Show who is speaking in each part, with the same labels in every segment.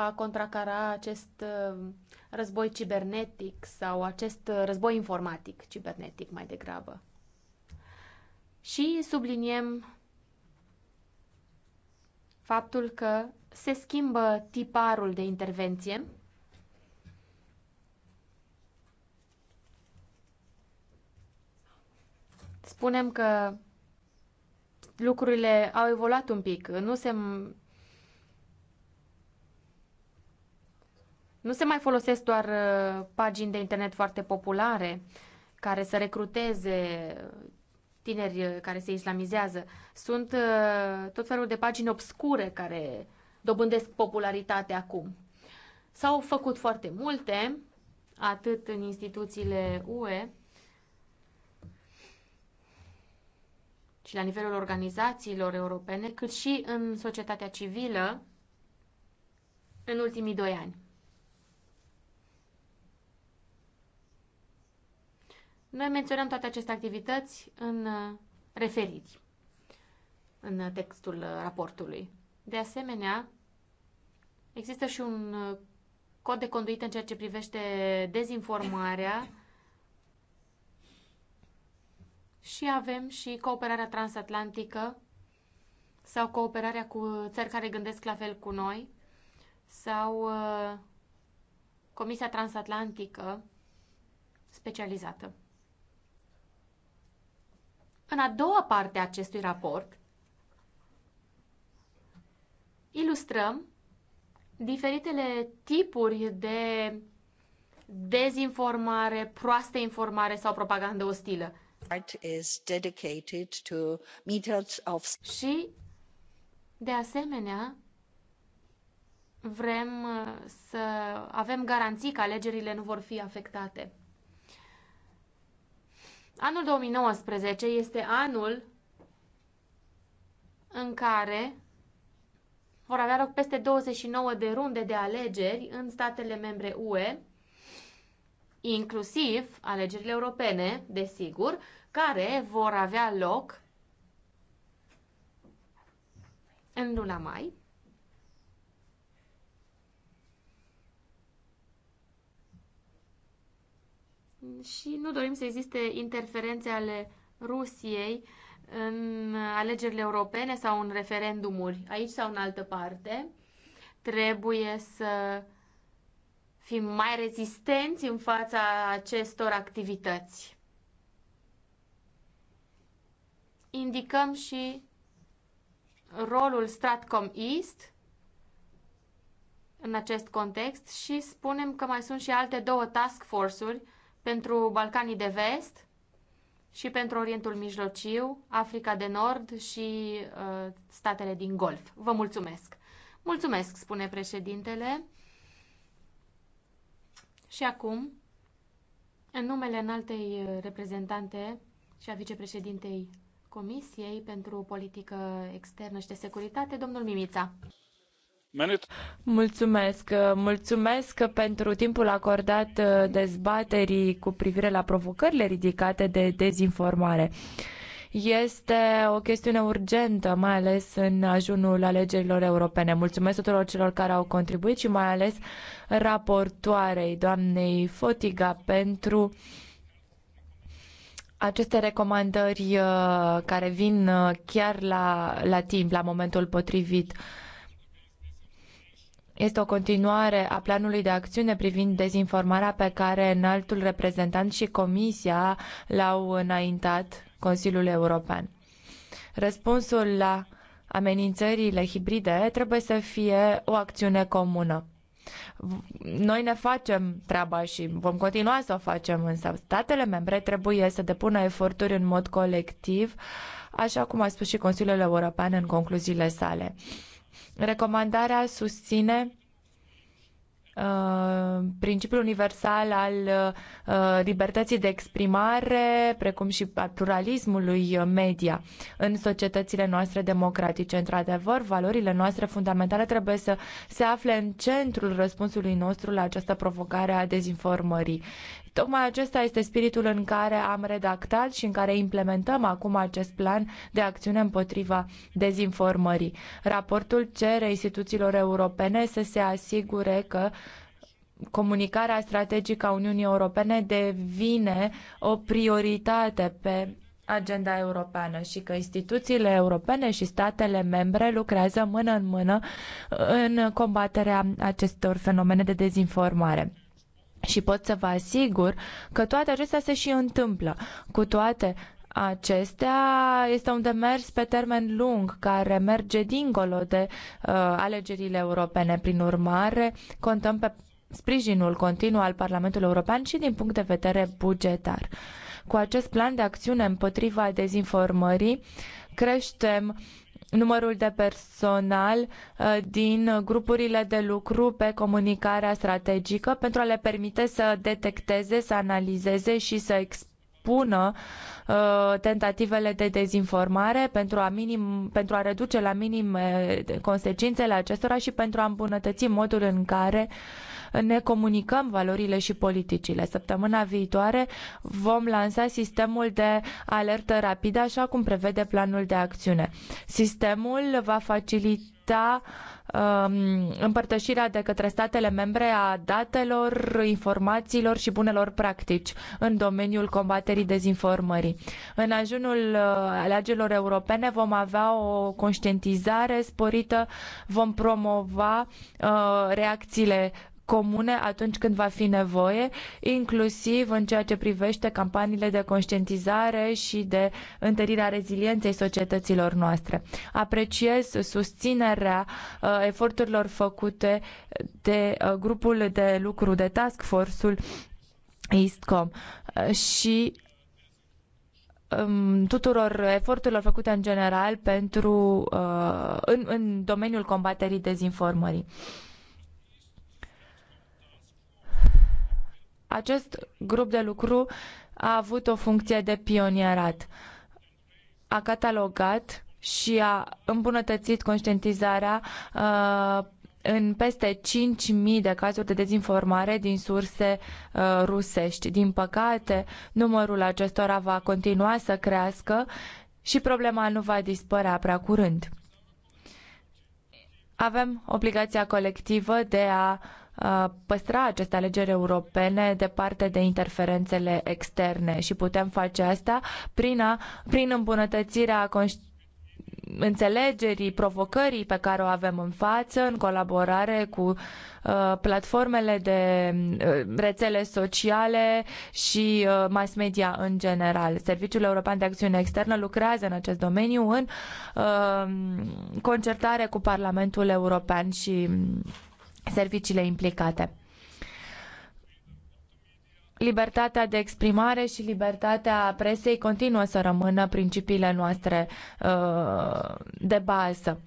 Speaker 1: a contracara acest uh, război cibernetic sau acest uh, război informatic cibernetic mai degrabă. Și subliniem faptul că se schimbă tiparul de intervenție spunem că lucrurile au evoluat un pic. Nu se Nu se mai folosesc doar uh, pagini de internet foarte populare care să recruteze tineri uh, care se islamizează. Sunt uh, tot felul de pagini obscure care dobândesc popularitate acum. S-au făcut foarte multe, atât în instituțiile UE, și la nivelul organizațiilor europene, cât și în societatea civilă în ultimii doi ani. Noi menționăm toate aceste activități în uh, referiri, în uh, textul uh, raportului. De asemenea, există și un cod de conduită în ceea ce privește dezinformarea și avem și cooperarea transatlantică sau cooperarea cu țări care gândesc la fel cu noi sau Comisia Transatlantică specializată. În a doua parte a acestui raport, ilustrăm diferitele tipuri de dezinformare, proastă informare sau propagandă ostilă. Is dedicated to methods of... Și, de asemenea, vrem uh, să avem garanții că alegerile nu vor fi afectate. Anul 2019 este anul în care vor avea loc peste 29 de runde de alegeri în statele membre UE, inclusiv alegerile europene, desigur, care vor avea loc în luna mai și nu dorim să existe interferențe ale Rusiei în alegerile europene sau în referendumuri, aici sau în altă parte. Trebuie să fim mai rezistenți în fața acestor activități. Indicăm și rolul Stratcom East în acest context și spunem că mai sunt și alte două task force-uri pentru Balcanii de Vest și pentru Orientul Mijlociu, Africa de Nord și uh, statele din Golf. Vă mulțumesc! Mulțumesc, spune președintele. Și acum, în numele înaltei reprezentante și a vicepreședintei Comisiei pentru Politică Externă și de Securitate, domnul Mimița.
Speaker 2: Mulțumesc, mulțumesc pentru timpul acordat uh, dezbaterii cu privire la provocările ridicate de dezinformare. Este o chestiune urgentă, mai ales în ajunul alegerilor europene. Mulțumesc tuturor celor care au contribuit și mai ales raportoarei doamnei Fotiga pentru aceste recomandări uh, care vin uh, chiar la, la timp, la momentul potrivit este o continuare a planului de acțiune privind dezinformarea pe care înaltul reprezentant și Comisia l-au înaintat Consiliul European. Răspunsul la amenințările hibride trebuie să fie o acțiune comună. Noi ne facem treaba și vom continua să o facem, însă statele membre trebuie să depună eforturi în mod colectiv, așa cum a spus și Consiliul European în concluziile sale. Recomandarea susține Uh, principiul universal al uh, libertății de exprimare, precum și al pluralismului media în societățile noastre democratice. Într-adevăr, valorile noastre fundamentale trebuie să se afle în centrul răspunsului nostru la această provocare a dezinformării. Tocmai acesta este spiritul în care am redactat și în care implementăm acum acest plan de acțiune împotriva dezinformării. Raportul cere instituțiilor europene să se asigure că comunicarea strategică a Uniunii Europene devine o prioritate pe agenda europeană și că instituțiile europene și statele membre lucrează mână în mână în combaterea acestor fenomene de dezinformare. Și pot să vă asigur că toate acestea se și întâmplă. Cu toate acestea este un demers pe termen lung care merge dincolo de uh, alegerile europene. Prin urmare, contăm pe sprijinul continuu al Parlamentului European și din punct de vedere bugetar. Cu acest plan de acțiune împotriva dezinformării, creștem numărul de personal uh, din grupurile de lucru pe comunicarea strategică pentru a le permite să detecteze, să analizeze și să expună uh, tentativele de dezinformare pentru a, minim, pentru a reduce la minim uh, consecințele acestora și pentru a îmbunătăți modul în care uh, ne comunicăm valorile și politicile. Săptămâna viitoare vom lansa sistemul de alertă rapidă, așa cum prevede planul de acțiune. Sistemul va facilita um, împărtășirea de către statele membre a datelor, informațiilor și bunelor practici în domeniul combaterii dezinformării. În ajunul uh, alegerilor europene vom avea o conștientizare sporită, vom promova uh, reacțiile comune atunci când va fi nevoie, inclusiv în ceea ce privește campaniile de conștientizare și de întărirea rezilienței societăților noastre. Apreciez susținerea uh, eforturilor făcute de uh, grupul de lucru de task force-ul EastCom uh, și um, tuturor eforturilor făcute în general pentru în, în domeniul combaterii dezinformării. Acest grup de lucru a avut o funcție de pionierat. A catalogat și a îmbunătățit conștientizarea uh, în peste 5.000 de cazuri de dezinformare din surse uh, rusești. Din păcate, numărul acestora va continua să crească și problema nu va dispărea prea curând. Avem obligația colectivă de a Uh, păstra aceste alegeri europene departe de interferențele externe și putem face asta prin, a, prin îmbunătățirea înțelegerii provocării pe care o avem în față, în colaborare cu uh, platformele de uh, rețele sociale și uh, mass media în general. Serviciul European de Acțiune Externă lucrează în acest domeniu în uh, concertare cu Parlamentul European și serviciile implicate. Libertatea de exprimare și libertatea presei continuă să rămână principiile noastre uh, de bază.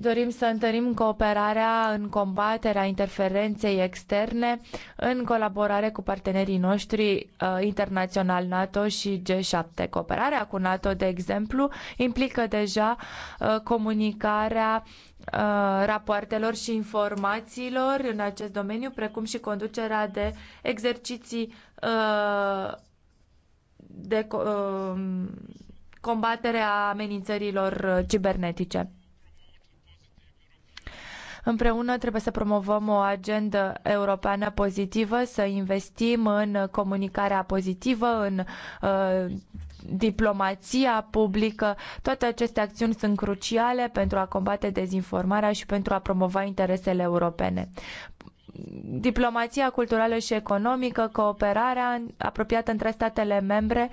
Speaker 2: Dorim să întărim cooperarea în combaterea interferenței externe în colaborare cu partenerii noștri uh, internațional NATO și G7. Cooperarea cu NATO, de exemplu, implică deja uh, comunicarea uh, rapoartelor și informațiilor în acest domeniu, precum și conducerea de exerciții de combatere a amenințărilor cibernetice. Împreună trebuie să promovăm o agendă europeană pozitivă, să investim în comunicarea pozitivă, în uh, diplomația publică. Toate aceste acțiuni sunt cruciale pentru a combate dezinformarea și pentru a promova interesele europene diplomația culturală și economică, cooperarea apropiată între statele membre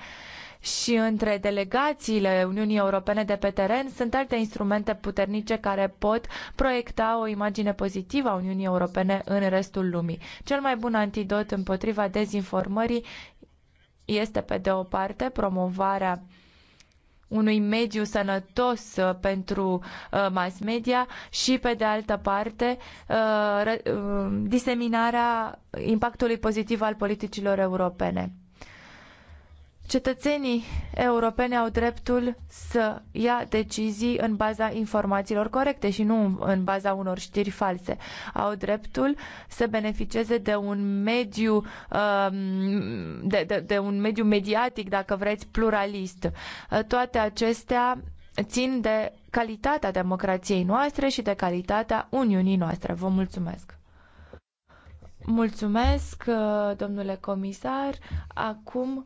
Speaker 2: și între delegațiile Uniunii Europene de pe teren sunt alte instrumente puternice care pot proiecta o imagine pozitivă a Uniunii Europene în restul lumii. Cel mai bun antidot împotriva dezinformării este, pe de o parte, promovarea unui mediu sănătos uh, pentru uh, mass media și, pe de altă parte, uh, diseminarea impactului pozitiv al politicilor europene. Cetățenii europeni au dreptul să ia decizii în baza informațiilor corecte și nu în baza unor știri false. Au dreptul să beneficieze de un mediu, um, de, de, de un mediu mediatic, dacă vreți, pluralist. Toate acestea țin de calitatea democrației noastre și de calitatea Uniunii noastre. Vă mulțumesc! Mulțumesc, uh, domnule comisar. Acum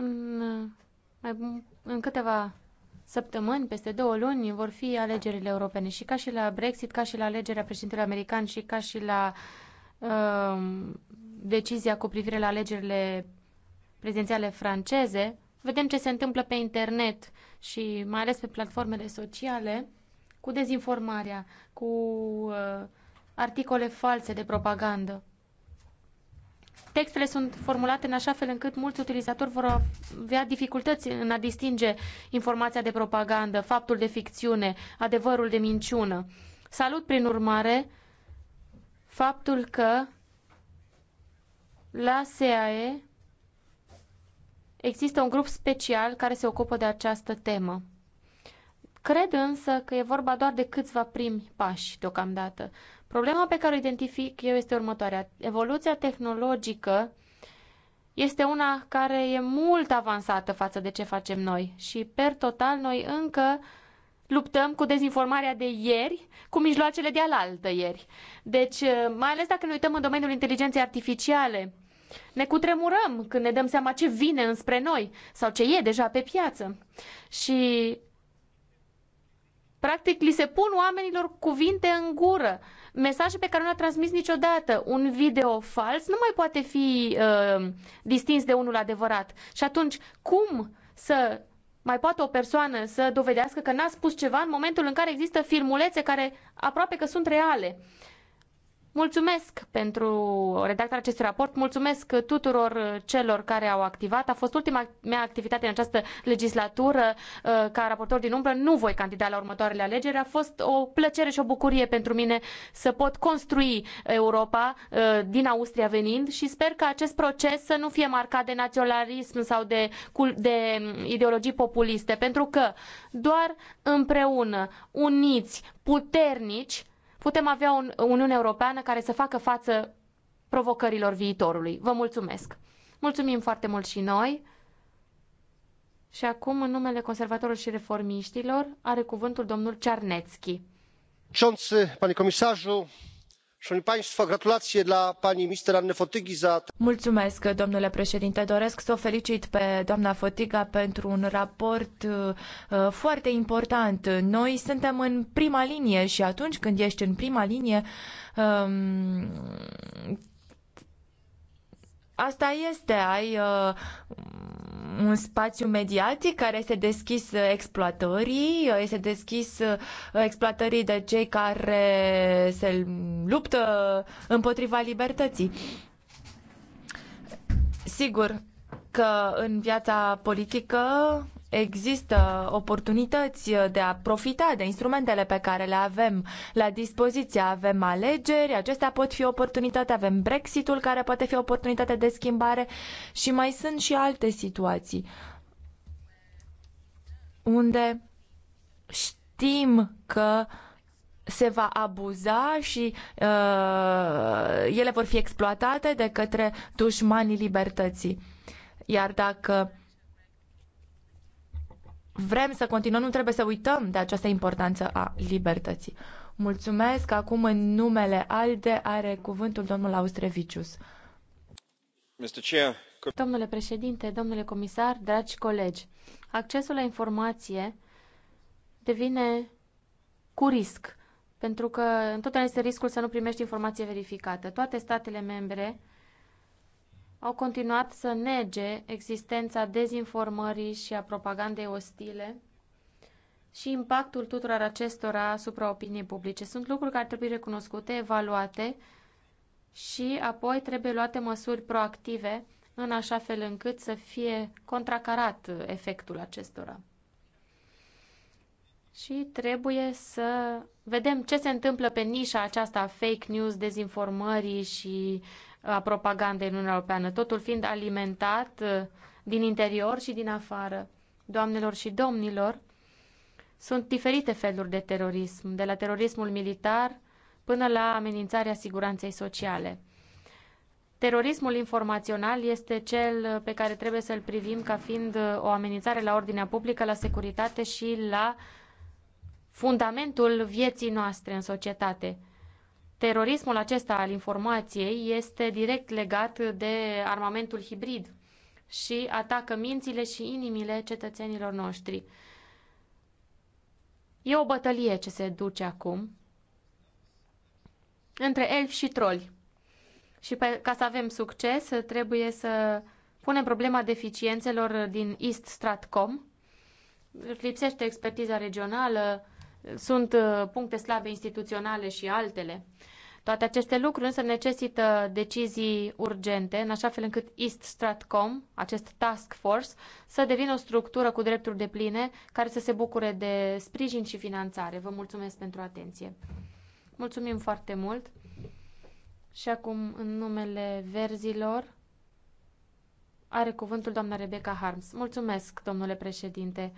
Speaker 1: în, mai, în câteva săptămâni, peste două luni, vor fi alegerile europene. Și ca și la Brexit, ca și la alegerea președintelui american și ca și la uh, decizia cu privire la alegerile prezidențiale franceze, vedem ce se întâmplă pe internet și mai ales pe platformele sociale cu dezinformarea, cu uh, articole false de propagandă. Textele sunt formulate în așa fel încât mulți utilizatori vor avea dificultăți în a distinge informația de propagandă, faptul de ficțiune, adevărul de minciună. Salut, prin urmare, faptul că la SAE există un grup special care se ocupă de această temă. Cred însă că e vorba doar de câțiva primi pași deocamdată. Problema pe care o identific eu este următoarea. Evoluția tehnologică este una care e mult avansată față de ce facem noi și, per total, noi încă luptăm cu dezinformarea de ieri, cu mijloacele de alaltă ieri. Deci, eh, mai ales dacă ne uităm în domeniul inteligenței artificiale, ne cutremurăm când ne dăm seama ce vine înspre noi sau ce e deja pe piață. Și, practic, li se pun oamenilor cuvinte în gură mesaje pe care nu a transmis niciodată. Un video fals nu mai poate fi uh, distins de unul adevărat. Și atunci, cum să mai poate o persoană să dovedească că n-a spus ceva în momentul în care există filmulețe care aproape că sunt reale? Mulțumesc pentru redactarea acestui raport, mulțumesc tuturor celor care au activat. A fost ultima mea activitate în această legislatură uh, ca raportor din umbră. Nu voi candida la următoarele alegeri. A fost o plăcere și o bucurie pentru mine să pot construi Europa uh, din Austria venind și sper că acest proces să nu fie marcat de naționalism sau de, de um, ideologii populiste, pentru că doar împreună, uniți, puternici, putem avea o Uniune Europeană care să facă față provocărilor viitorului. Vă mulțumesc! Mulțumim foarte mult și noi! Și acum, în numele conservatorilor și reformiștilor, are cuvântul
Speaker 2: domnul Cernețchi.
Speaker 3: Panie Comisarul?
Speaker 2: domnule președinte doresc să o felicit pe doamna fotyga pentru un raport uh, uh, foarte important. noi suntem în prima linie și atunci când ești în prima linie trebuie um, să ai răspunsuri la probleme. Asta este, ai uh, un spațiu mediatic care este deschis uh, exploatării, uh, este deschis uh, exploatării de cei care se luptă împotriva libertății. Sigur că în viața politică există oportunități de a profita de instrumentele pe care le avem la dispoziție. Avem alegeri, acestea pot fi oportunitate, avem Brexitul care poate fi oportunitate de schimbare și mai sunt și alte situații unde știm că se va abuza și uh, ele vor fi exploatate de către dușmanii libertății. Iar dacă vrem să continuăm, nu trebuie să uităm de această importanță a libertății. Mulțumesc. Acum, în numele ALDE, are cuvântul domnul Austrevicius. Domnule președinte, domnule
Speaker 1: comisar, dragi colegi, accesul la informație devine cu risc, pentru că întotdeauna este riscul să nu primești informație verificată. Toate statele membre au continuat să nege existența dezinformării și a propagandei ostile și impactul tuturor acestora asupra opiniei publice. Sunt lucruri care trebuie recunoscute, evaluate și apoi trebuie luate măsuri proactive în așa fel încât să fie contracarat efectul acestora. Și trebuie să vedem ce se întâmplă pe nișa aceasta a fake news, dezinformării și a propagandei în Uniunea Europeană, totul fiind alimentat uh, din interior și din afară. Doamnelor și domnilor, sunt diferite feluri de terorism, de la terorismul militar până la amenințarea siguranței sociale. Terorismul informațional este cel pe care trebuie să-l privim ca fiind uh, o amenințare la ordinea publică, la securitate și la fundamentul vieții noastre în societate. Terorismul acesta al informației este direct legat de armamentul hibrid și atacă mințile și inimile cetățenilor noștri. E o bătălie ce se duce acum între elfi și troli. Și pe, ca să avem succes, trebuie să punem problema deficiențelor din East Stratcom. Lipsește expertiza regională, sunt uh, puncte slabe instituționale și altele. Toate aceste lucruri însă necesită decizii urgente, în așa fel încât East Stratcom, acest task force, să devină o structură cu drepturi de pline care să se bucure de sprijin și finanțare. Vă mulțumesc pentru atenție. Mulțumim foarte mult. Și acum, în numele verzilor, are cuvântul doamna Rebecca Harms. Mulțumesc, domnule președinte.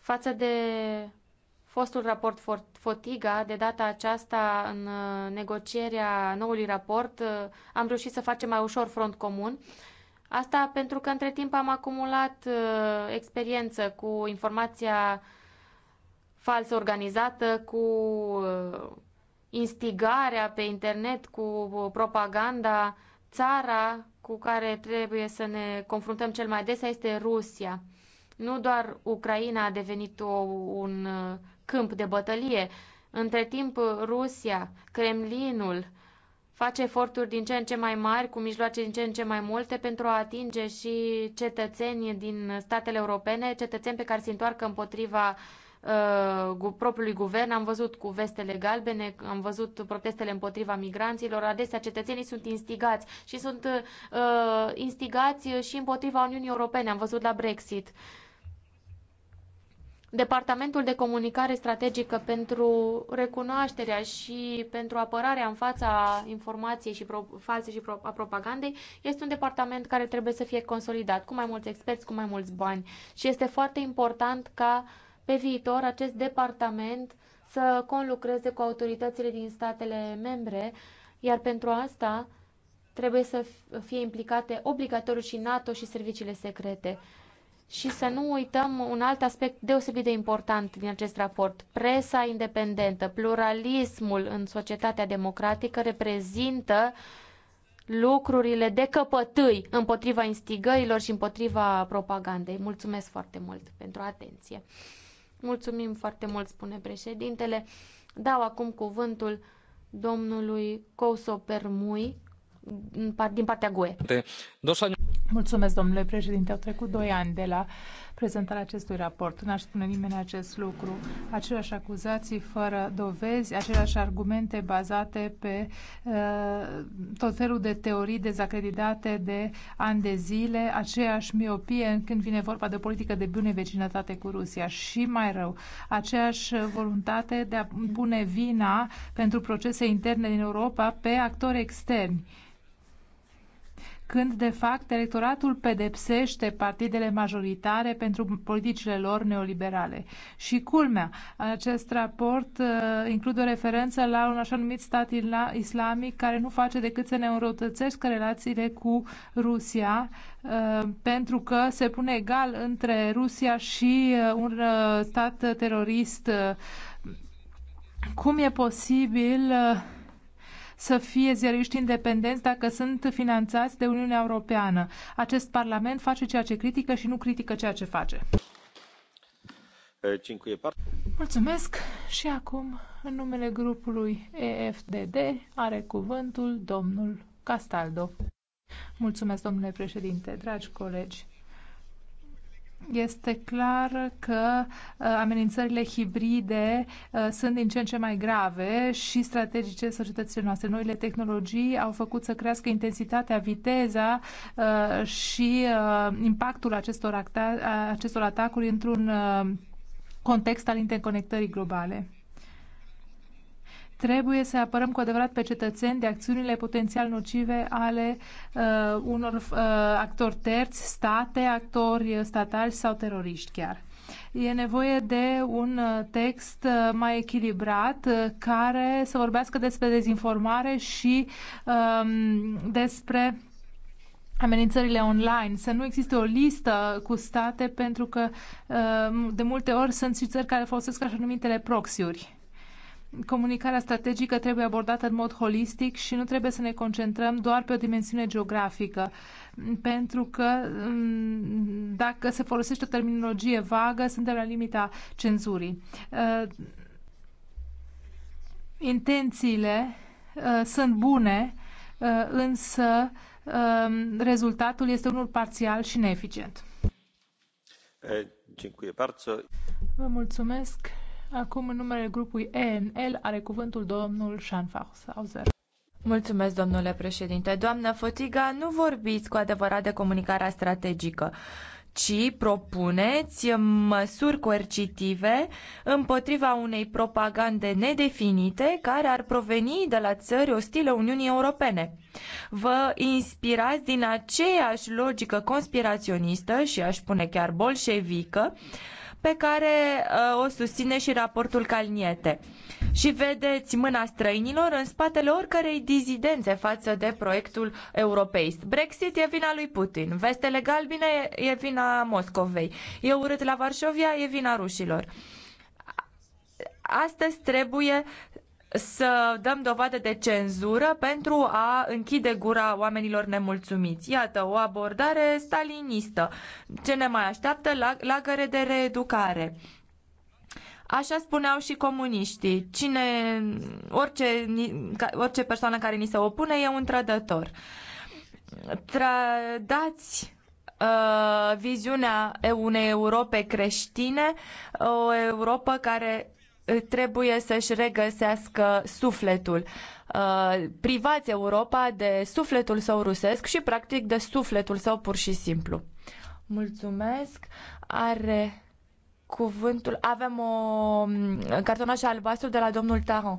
Speaker 1: Față de fostul raport Fotiga, de data aceasta în uh, negocierea noului raport, uh, am reușit să facem mai ușor front comun. Asta pentru că între timp am acumulat uh, experiență cu informația falsă organizată, cu instigarea pe internet, cu propaganda. Țara cu care trebuie să ne confruntăm cel mai des este Rusia nu doar Ucraina a devenit o, un câmp de bătălie. Între timp, Rusia, Kremlinul face eforturi din ce în ce mai mari, cu mijloace din ce în ce mai multe, pentru a atinge și cetățeni din statele europene, cetățeni pe care se întoarcă împotriva uh, propriului guvern. Am văzut cu vestele galbene, am văzut protestele împotriva migranților. Adesea cetățenii sunt instigați și sunt uh, instigați și împotriva Uniunii Europene. Am văzut la Brexit. Uh, Departamentul de Comunicare Strategică pentru recunoașterea și pentru apărarea în fața informației și pro- false și pro- a propagandei este un departament care trebuie să fie consolidat cu mai mulți experți, cu mai mulți bani și este foarte important ca pe viitor acest departament să conlucreze cu autoritățile din statele membre, iar pentru asta trebuie să fie implicate obligatoriu și NATO și serviciile secrete și să nu uităm un alt aspect deosebit de important din acest raport. Presa independentă, pluralismul în societatea democratică reprezintă lucrurile de căpătâi împotriva instigărilor și împotriva propagandei. Mulțumesc foarte mult pentru atenție. Mulțumim foarte mult, spune președintele. Dau acum cuvântul domnului Couso
Speaker 4: din partea GUE. Mulțumesc, domnule președinte. Au trecut doi ani de la prezentarea acestui raport. N-aș spune nimeni acest lucru. Aceleași acuzații fără dovezi, aceleași argumente bazate pe uh, tot felul de teorii dezacreditate de ani de zile, aceeași miopie când vine vorba de o politică de bune vecinătate cu Rusia și mai rău, aceeași voluntate de a pune vina pentru procese interne din Europa pe actori externi când de fapt electoratul pedepsește partidele majoritare pentru politicile lor neoliberale. Și culmea, acest raport uh, include o referență la un așa numit stat islamic care nu face decât să ne înrăutățească relațiile cu Rusia uh, pentru că se pune egal între Rusia și uh, un uh, stat terorist. Uh, cum e posibil uh, să fie ziariști independenți dacă sunt finanțați de Uniunea Europeană. Acest Parlament face ceea ce critică și nu critică ceea ce face. Mulțumesc și acum, în numele grupului EFDD, are cuvântul domnul Castaldo. Mulțumesc, domnule președinte, dragi colegi este clar că uh, amenințările hibride uh, sunt din ce în ce mai grave și strategice societății noastre. Noile tehnologii au făcut să crească intensitatea, viteza uh, și impactul acestor, acta- acestor atacuri într-un context al interconectării globale. Trebuie să apărăm cu adevărat pe cetățeni de acțiunile potențial nocive ale uh, unor uh, actori terți, state, actori statali sau teroriști chiar. E nevoie de un uh, text uh, mai echilibrat uh, care să vorbească despre dezinformare și um, despre amenințările online, să nu existe o listă cu state pentru că de multe ori sunt și țări care folosesc așa numitele proxiuri comunicarea strategică trebuie abordată în mod holistic și nu trebuie să ne concentrăm doar pe o dimensiune geografică. Pentru că mm, dacă se folosește o terminologie vagă, suntem la limita cenzurii. Uh, intențiile uh, sunt bune, uh, însă um, rezultatul este unul parțial și neeficient. Eh, Vă mulțumesc. Acum, în numele grupului ENL, are cuvântul domnul Schanfauser. Mulțumesc,
Speaker 2: domnule președinte. Doamnă Fotiga, nu vorbiți cu adevărat de comunicarea strategică ci propuneți măsuri coercitive împotriva unei propagande nedefinite care ar proveni de la țări ostile Uniunii Europene. Vă inspirați din aceeași logică conspiraționistă și aș spune chiar bolșevică, pe care uh, o susține și raportul Calniete. Și vedeți mâna străinilor în spatele oricărei dizidențe față de proiectul europeist. Brexit e vina lui Putin, vestele galbine e vina Moscovei, e urât la Varșovia, e vina rușilor. Astăzi trebuie să dăm dovadă de cenzură pentru a închide gura oamenilor nemulțumiți. Iată, o abordare stalinistă. Ce ne mai așteaptă? Lagăre de reeducare. Așa spuneau și comuniștii. Cine, orice, orice persoană care ni se opune e un trădător. Trădați uh, viziunea unei Europe creștine, o Europa care trebuie să-și regăsească sufletul. Uh, privați Europa de sufletul său rusesc și, practic, de sufletul său pur și simplu. Mulțumesc. Are cuvântul. Avem o um, cartonașă albastru de la domnul Taron.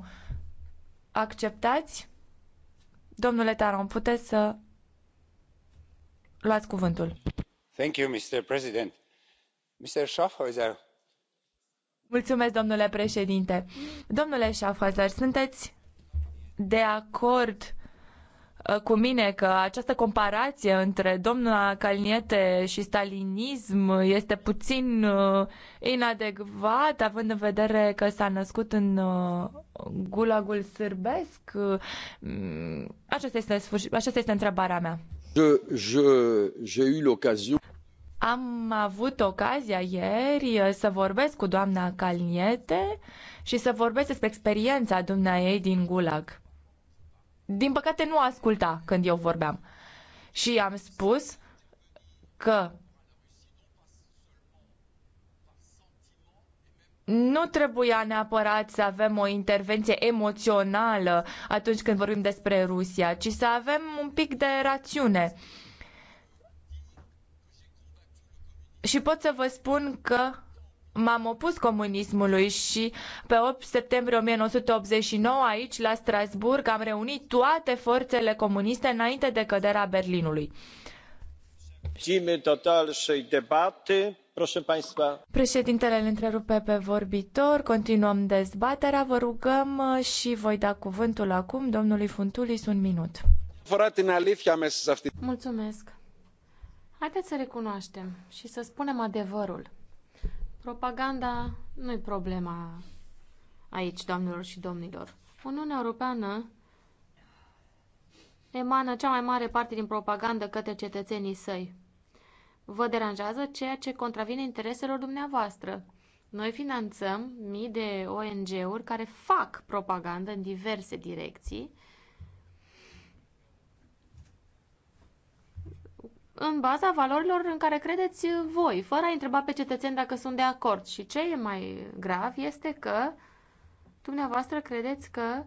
Speaker 2: Acceptați? Domnule Taron, puteți să luați cuvântul.
Speaker 3: Thank you, Mr. President. Mr. Schaffhauser,
Speaker 2: Mulțumesc, domnule președinte. Domnule Șafazar, sunteți de acord uh, cu mine că această comparație între domnul Caliniete și stalinism este puțin uh, inadecvat, având în vedere că s-a născut în uh, gulagul sârbesc? Aceasta este, aceasta este întrebarea mea.
Speaker 5: Je, je, eu eu l'occasion
Speaker 2: am avut ocazia ieri uh, să vorbesc cu doamna Calniete și să vorbesc despre experiența dumneaei din Gulag. Din păcate nu asculta când eu vorbeam. Și am spus că nu trebuia neapărat să avem o intervenție emoțională atunci când vorbim despre Rusia, ci să avem un pic de rațiune. Uh, Și pot să vă spun că m-am opus comunismului și pe 8 septembrie 1989 aici la Strasbourg am reunit toate forțele comuniste înainte de căderea Berlinului. Președintele îl întrerupe pe vorbitor, continuăm dezbaterea, vă rugăm uh, și voi da cuvântul acum domnului Funtulis un minut. Mulțumesc. Haideți să recunoaștem
Speaker 1: și să spunem adevărul. Propaganda nu e problema aici, doamnelor și domnilor. Uniunea Europeană emană cea mai mare parte din propagandă către cetățenii săi. Vă deranjează ceea ce contravine intereselor dumneavoastră. Noi finanțăm mii de ONG-uri care fac propagandă în diverse direcții în baza valorilor în care credeți voi, fără a întreba pe cetățeni dacă sunt de acord. Și ce e mai grav este că dumneavoastră credeți că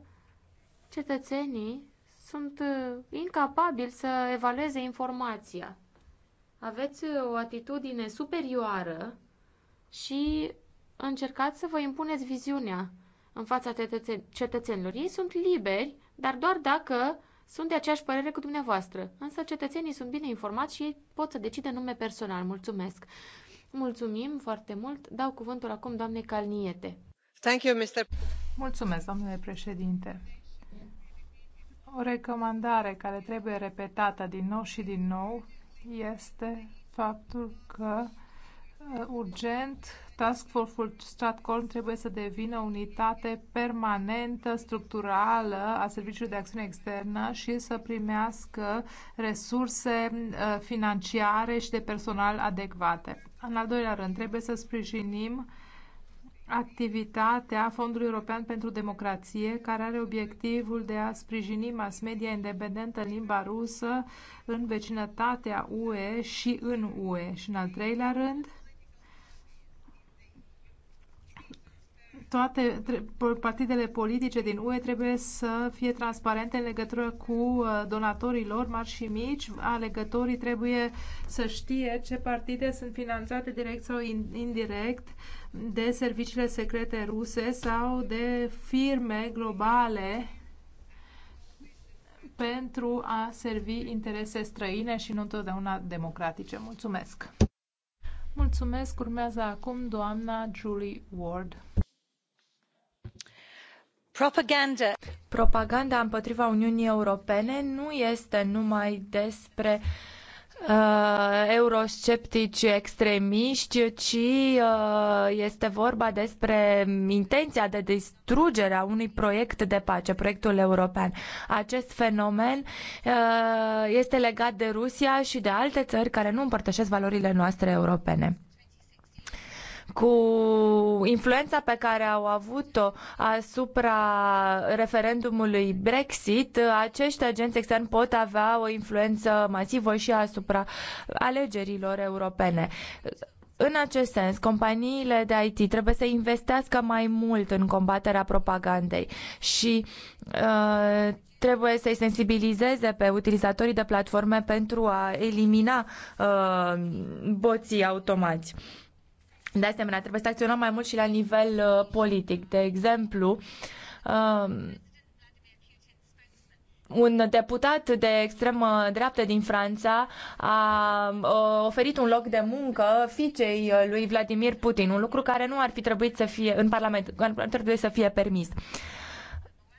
Speaker 1: cetățenii sunt uh, incapabili să evalueze informația. Aveți uh, o atitudine superioară și încercați să vă impuneți viziunea în fața cetățenilor. Ei sunt liberi, dar doar dacă sunt de aceeași părere cu dumneavoastră, însă cetățenii sunt bine informați și ei pot să decide nume personal. Mulțumesc!
Speaker 4: Mulțumim foarte mult. Dau cuvântul acum doamnei Calniete. Thank you, Mr. Mulțumesc, domnule președinte. O recomandare care trebuie repetată din nou și din nou este faptul că Uh, urgent, Task Force-ul Stratcom trebuie să devină unitate permanentă, structurală a Serviciului de Acțiune Externă și să primească resurse uh, financiare și de personal adecvate. În al doilea rând, trebuie să sprijinim activitatea Fondului European pentru Democrație, care are obiectivul de a sprijini mass media independentă în limba rusă în vecinătatea UE și în UE. Și în al treilea rând, toate partidele politice din UE trebuie să fie transparente în legătură cu uh, donatorii lor, mari și mici. Alegătorii trebuie să știe ce partide sunt finanțate direct sau indirect de serviciile secrete ruse sau de firme globale pentru a servi interese străine și nu întotdeauna democratice. Mulțumesc! Mulțumesc! Urmează acum doamna Julie Ward. Propaganda. Propaganda împotriva Uniunii Europene
Speaker 2: nu este numai despre uh, eurosceptici extremiști, ci uh, este vorba despre intenția de distrugere a unui proiect de pace, proiectul european. Acest fenomen uh, este legat de Rusia și de alte țări care nu împărtășesc valorile noastre europene cu influența pe care au avut-o asupra referendumului Brexit, acești agenți externi pot avea o influență masivă și asupra alegerilor europene. În acest sens, companiile de IT trebuie să investească mai mult în combaterea propagandei și uh, trebuie să-i sensibilizeze pe utilizatorii de platforme pentru a elimina uh, boții automați. Uh, de asemenea, trebuie să acționăm mai mult și la nivel uh, politic. De exemplu, um, un deputat de extremă dreaptă din Franța a uh, oferit un loc de muncă fiicei uh, lui Vladimir Putin, un lucru care nu ar fi trebuit să fie în Parlament, ar trebui să fie permis.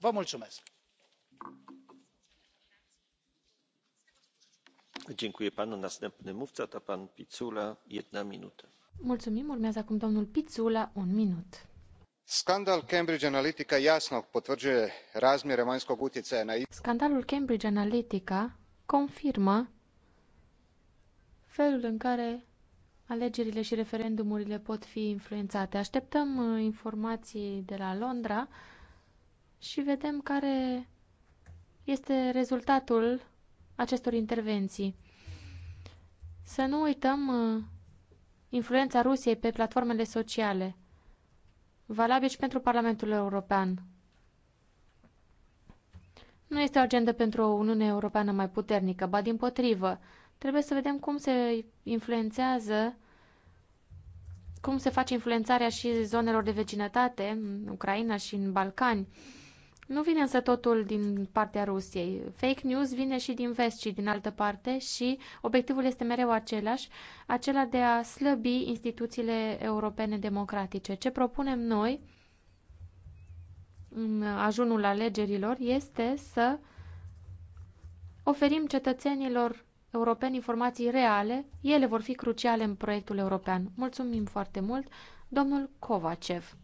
Speaker 3: vă mulțumesc.
Speaker 1: Mulțumim, urmează acum domnul Pițula, un minut.
Speaker 5: Skandal Cambridge
Speaker 3: Analytica jasno potvrđuje razmjere vanjskog utjecaja na...
Speaker 1: Scandalul Cambridge Analytica confirmă felul în care alegerile și referendumurile pot fi influențate. Așteptăm uh, informații de la Londra și vedem care este rezultatul acestor intervenții. Să nu uităm uh, influența Rusiei pe platformele sociale, valabil și pentru Parlamentul European. Nu este o agendă pentru o Uniune Europeană mai puternică, ba din potrivă. Trebuie să vedem cum se influențează, cum se face influențarea și zonelor de vecinătate, în Ucraina și în Balcani. Nu vine însă totul din partea Rusiei. Fake news vine și din vest și din altă parte și obiectivul este mereu același, acela de a slăbi instituțiile europene democratice. Ce propunem noi în ajunul alegerilor este să oferim cetățenilor europeni informații reale. Ele vor fi cruciale în proiectul european. Mulțumim foarte mult, domnul Kovacev.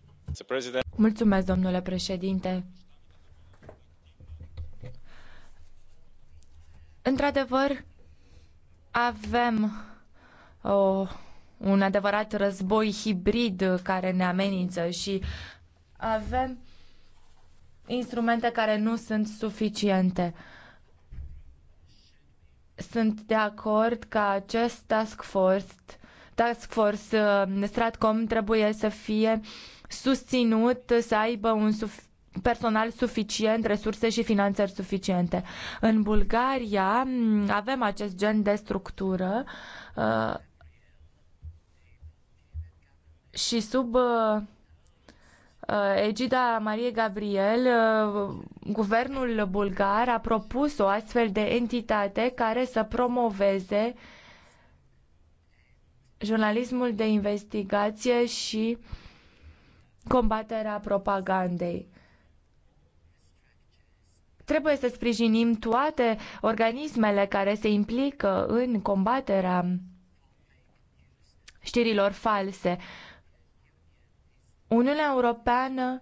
Speaker 1: Mulțumesc,
Speaker 2: domnule președinte. Într-adevăr, avem o, un adevărat război hibrid care ne amenință și avem instrumente care nu sunt suficiente. Sunt de acord că acest task force, task force uh, Stratcom trebuie să fie susținut, să aibă un, personal suficient, resurse și finanțări suficiente. În Bulgaria mm, avem acest gen de structură uh, și sub uh, uh, egida Mariei Gabriel, guvernul bulgar a propus o astfel de entitate care să promoveze jurnalismul de investigație și combaterea propagandei. Trebuie să sprijinim toate organismele care se implică în combaterea știrilor false. Uniunea Europeană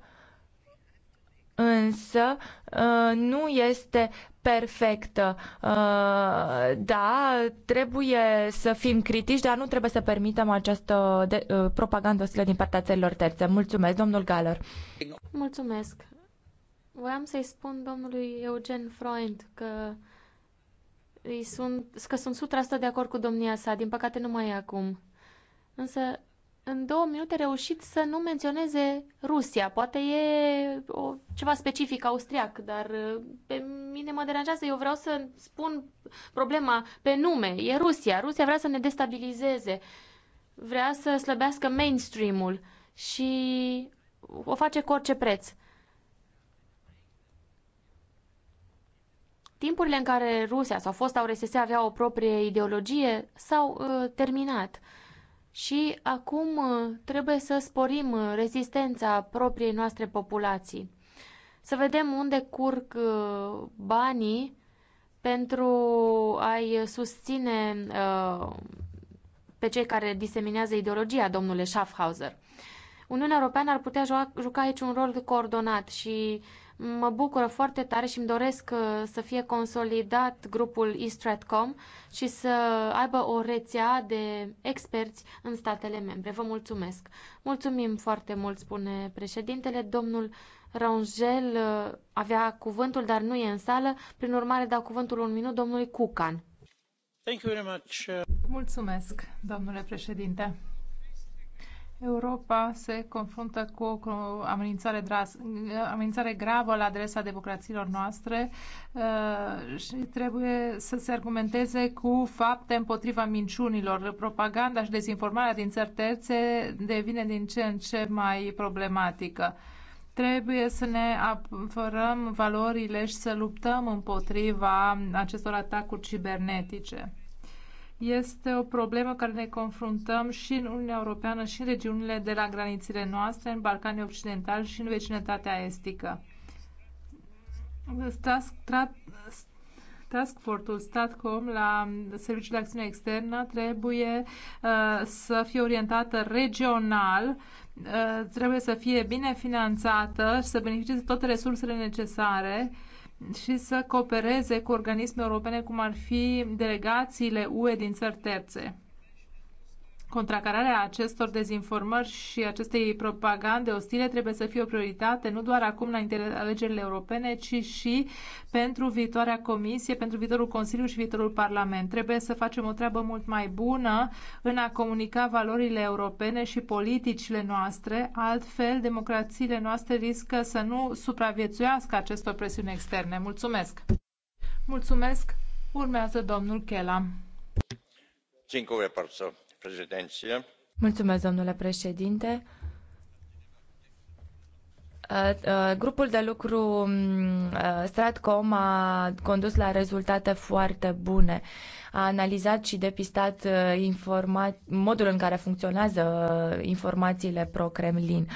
Speaker 2: însă uh, nu este perfectă. Uh, da, trebuie să fim critici, dar nu trebuie să permitem această uh, propagandă ostilă din partea țărilor terțe. Mulțumesc, domnul Galer.
Speaker 1: Mulțumesc. Voiam să-i spun domnului Eugen Freund că îi sunt, că sunt 100% de acord cu domnia sa, din păcate nu mai e acum. Însă, în două minute reușit să nu menționeze Rusia. Poate e o, ceva specific austriac, dar pe mine mă deranjează. Eu vreau să spun problema pe nume. E Rusia. Rusia vrea să ne destabilizeze. Vrea să slăbească mainstream-ul și o face cu orice preț. Timpurile în care Rusia sau fosta URSS avea o proprie ideologie s-au uh, terminat. Și acum uh, trebuie să sporim uh, rezistența propriei noastre populații. Să vedem unde curg uh, banii pentru a-i susține uh, pe cei care diseminează ideologia, domnule Schaffhauser. Uniunea Europeană ar putea juca, juca aici un rol coordonat și uh, Mă bucură foarte tare și îmi doresc uh, să fie consolidat grupul eStratcom și să aibă o rețea de experți în statele membre. Vă mulțumesc! Mulțumim foarte mult, spune președintele. Domnul Rangel uh, avea cuvântul, dar nu e în sală. Prin urmare, dau cuvântul un minut
Speaker 4: domnului Cucan. Uh. Mulțumesc, domnule președinte. Europa se confruntă cu o amenințare, dras, amenințare gravă la adresa democrațiilor noastre uh, și trebuie să se argumenteze cu fapte împotriva minciunilor. Propaganda și dezinformarea din țări terțe devine din ce în ce mai problematică. Trebuie să ne apărăm valorile și să luptăm împotriva acestor atacuri cibernetice este o problemă care ne confruntăm și în Uniunea Europeană și în regiunile de la granițele noastre, în Balcanii Occidentali și în vecinătatea estică. Task, Force-ul Statcom la Serviciul de Acțiune Externă trebuie uh, să fie orientată regional, uh, trebuie să fie bine finanțată și să beneficieze toate resursele necesare uh, și să coopereze cu organisme europene, cum ar fi delegațiile UE din țări terțe. Contracararea acestor dezinformări și acestei propagande ostile trebuie să fie o prioritate nu doar acum la alegerile europene, ci și pentru viitoarea comisie, pentru viitorul Consiliu și viitorul Parlament. Trebuie să facem o treabă mult mai bună în a comunica valorile europene și politicile noastre, altfel democrațiile noastre riscă să nu supraviețuiască acestor presiuni externe. Mulțumesc! Mulțumesc! Urmează domnul Chela.
Speaker 3: Dziękuję bardzo
Speaker 2: Mulțumesc, domnule președinte. Grupul de lucru Stratcom a condus la rezultate foarte bune. A analizat și depistat modul în care funcționează informațiile pro-Kremlin.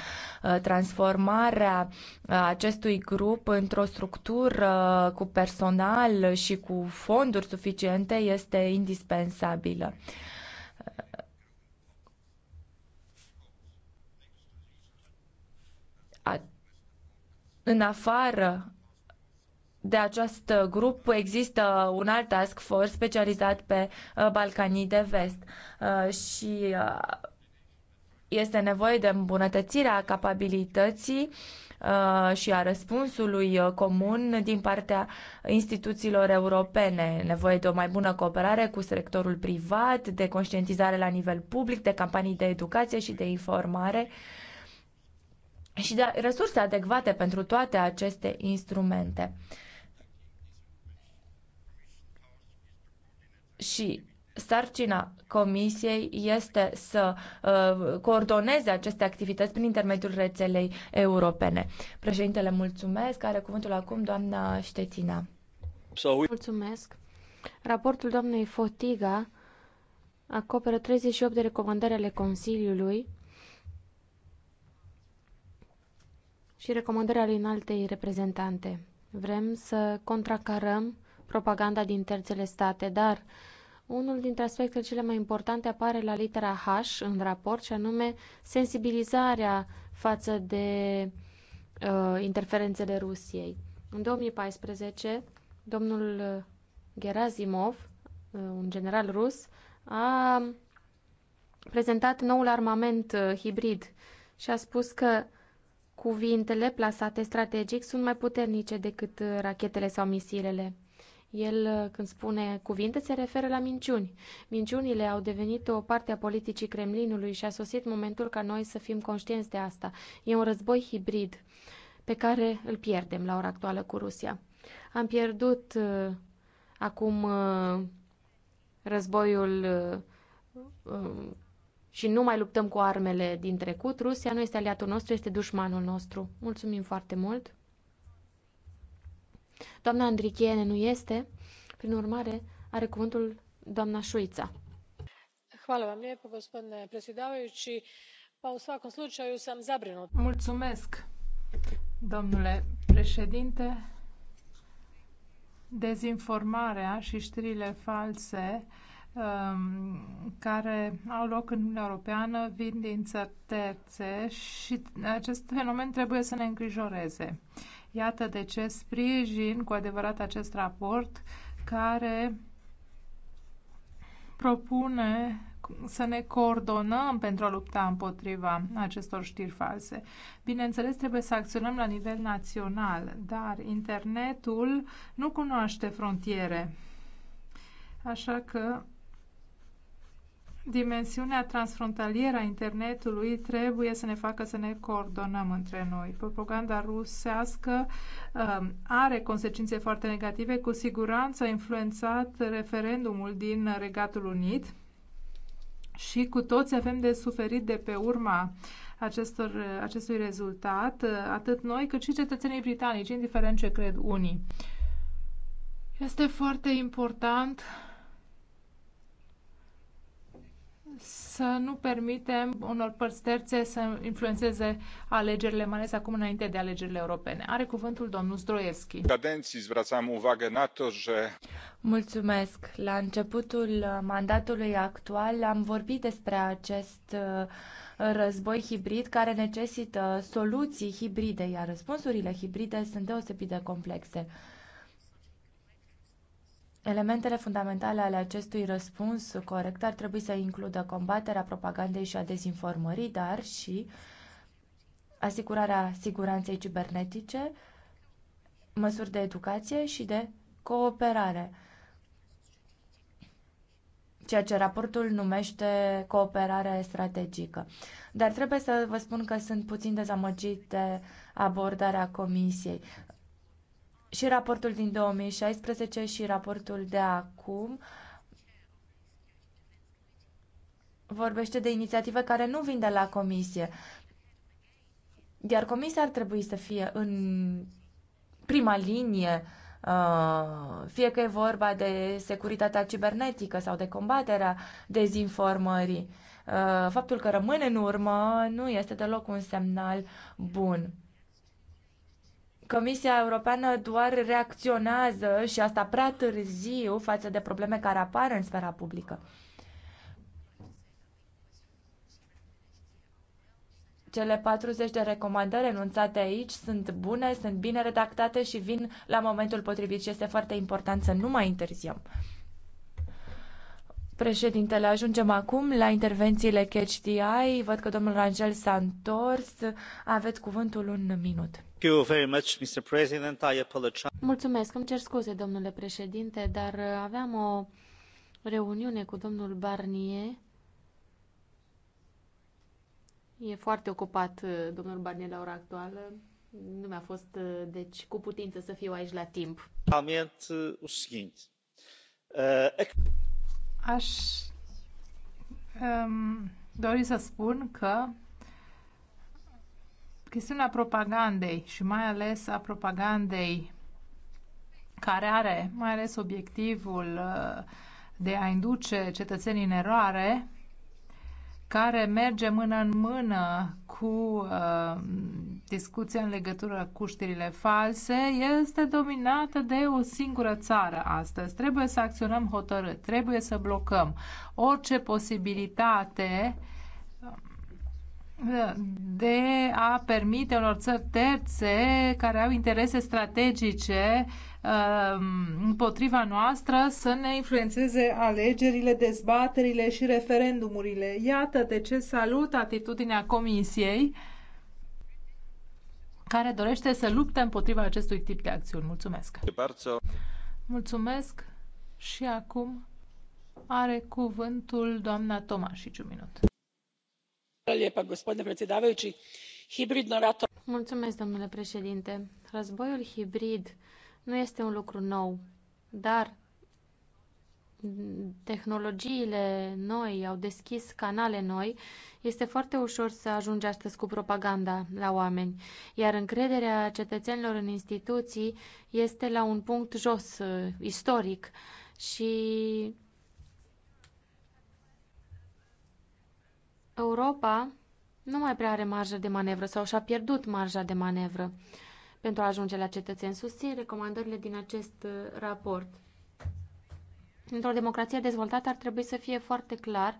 Speaker 2: Transformarea acestui grup într-o structură cu personal și cu fonduri suficiente este indispensabilă. în afară de acest grup există un alt task force specializat pe uh, Balcanii de Vest uh, și uh, este nevoie de îmbunătățirea capabilității și a răspunsului comun din partea instituțiilor europene. Nevoie de o mai bună cooperare cu sectorul privat, de conștientizare la nivel public, de campanii de educație și de informare uh, și de resurse adecvate pentru toate aceste instrumente. Și sarcina Comisiei este să uh, coordoneze aceste activități prin intermediul rețelei europene. Președintele, mulțumesc. Are cuvântul acum doamna Ștețina.
Speaker 1: Mulțumesc. Raportul doamnei Fotiga acoperă 38 de recomandări ale Consiliului și recomandările ale înaltei reprezentante. Vrem să contracarăm propaganda din terțele state, dar unul dintre aspectele cele mai importante apare la litera H în raport și anume sensibilizarea față de uh, interferențele Rusiei. În 2014, domnul Gerazimov, uh, un general rus, a prezentat noul armament uh, hibrid și a spus că Cuvintele plasate strategic sunt mai puternice decât uh, rachetele sau misilele. El, uh, când spune cuvinte, se referă la minciuni. Minciunile au devenit o parte a politicii Kremlinului și a sosit momentul ca noi să fim conștienți de asta. E un război hibrid pe care îl pierdem la ora actuală cu Rusia. Am pierdut uh, acum uh, războiul uh, um, și nu mai luptăm cu armele din trecut, Rusia nu este aliatul nostru, este dușmanul nostru. Mulțumim foarte mult! Doamna Andrichiene nu este, prin urmare are cuvântul doamna Șuița.
Speaker 4: Hvala vam lijepo, gospodine predsjedavajući. Pa u svakom slučaju sam zabrinut. Mulțumesc, domnule președinte. Dezinformarea și știrile false Um, care au loc în Uniunea Europeană vin din țări terțe și acest fenomen trebuie să ne îngrijoreze. Iată de ce sprijin cu adevărat acest raport care propune să ne coordonăm pentru a lupta împotriva acestor știri false. Bineînțeles, trebuie să acționăm la nivel național, dar internetul nu cunoaște frontiere. Așa că Dimensiunea transfrontalieră a internetului trebuie să ne facă să ne coordonăm între noi. Propaganda rusească um, are consecințe foarte negative, cu siguranță a influențat referendumul din Regatul Unit și cu toți avem de suferit de pe urma acestor, acestui rezultat, atât noi cât și cetățenii britanici, indiferent ce cred unii. Este foarte important să nu permitem unor părți terțe să influențeze alegerile, mai ales acum înainte de alegerile europene. Are cuvântul domnul Zdroievski.
Speaker 2: Mulțumesc. La începutul mandatului actual am vorbit despre acest uh, război hibrid care necesită soluții hibride, iar răspunsurile hibride sunt deosebit de complexe. Elementele fundamentale ale acestui răspuns corect ar trebui să includă combaterea propagandei și a dezinformării, dar și asigurarea siguranței cibernetice, măsuri de educație și de cooperare, ceea ce raportul numește cooperare strategică. Dar trebuie să vă spun că sunt puțin dezamăgit de abordarea Comisiei și raportul din 2016 și raportul de acum vorbește de inițiative care nu vin de la comisie. Iar comisia ar trebui să fie în prima linie, uh, fie că e vorba de securitatea cibernetică sau de combaterea dezinformării. Uh, faptul că rămâne în urmă nu este deloc un semnal bun. Comisia Europeană doar reacționează și asta prea târziu față de probleme care apar în sfera publică. Cele 40 de recomandări enunțate aici sunt bune, sunt bine redactate și vin la momentul potrivit și este foarte important să nu mai întârziem. Președintele, ajungem acum la intervențiile CHDI. Văd că domnul Rangel s-a întors. Aveți cuvântul un minut. Mulțumesc, îmi cer scuze, domnule președinte, dar uh,
Speaker 1: aveam o reuniune cu domnul Barnier. E foarte ocupat uh, domnul Barnier la ora actuală. Nu mi-a fost, uh, deci, cu putință să fiu aici la timp.
Speaker 3: Amint, o seguinte.
Speaker 4: Aș um, dori să spun că chestiunea propagandei și mai ales a propagandei care are mai ales obiectivul uh, de a induce cetățenii în eroare care merge mână în mână cu uh, discuția în legătură cu știrile false, este dominată de o singură țară astăzi. Trebuie să acționăm hotărât, trebuie să blocăm orice posibilitate uh, de a permite unor țări terțe care au interese strategice uh, Um, împotriva noastră să ne influențeze alegerile, dezbaterile și referendumurile. Iată de ce salut atitudinea Comisiei care dorește să lupte împotriva acestui tip de acțiuni. Mulțumesc! Mulțumesc și acum are cuvântul doamna Tomașici un minut. Mulțumesc, domnule președinte.
Speaker 1: Războiul hibrid nu este un lucru nou, dar tehnologiile noi au deschis canale noi, este foarte ușor să ajungi astăzi cu propaganda la oameni, iar încrederea cetățenilor în instituții este la un punct jos uh, istoric și Europa nu mai prea are marja de manevră sau și-a pierdut marja de manevră pentru a ajunge la cetățeni. Susțin recomandările din acest uh, raport. Într-o democrație dezvoltată ar trebui să fie foarte clar,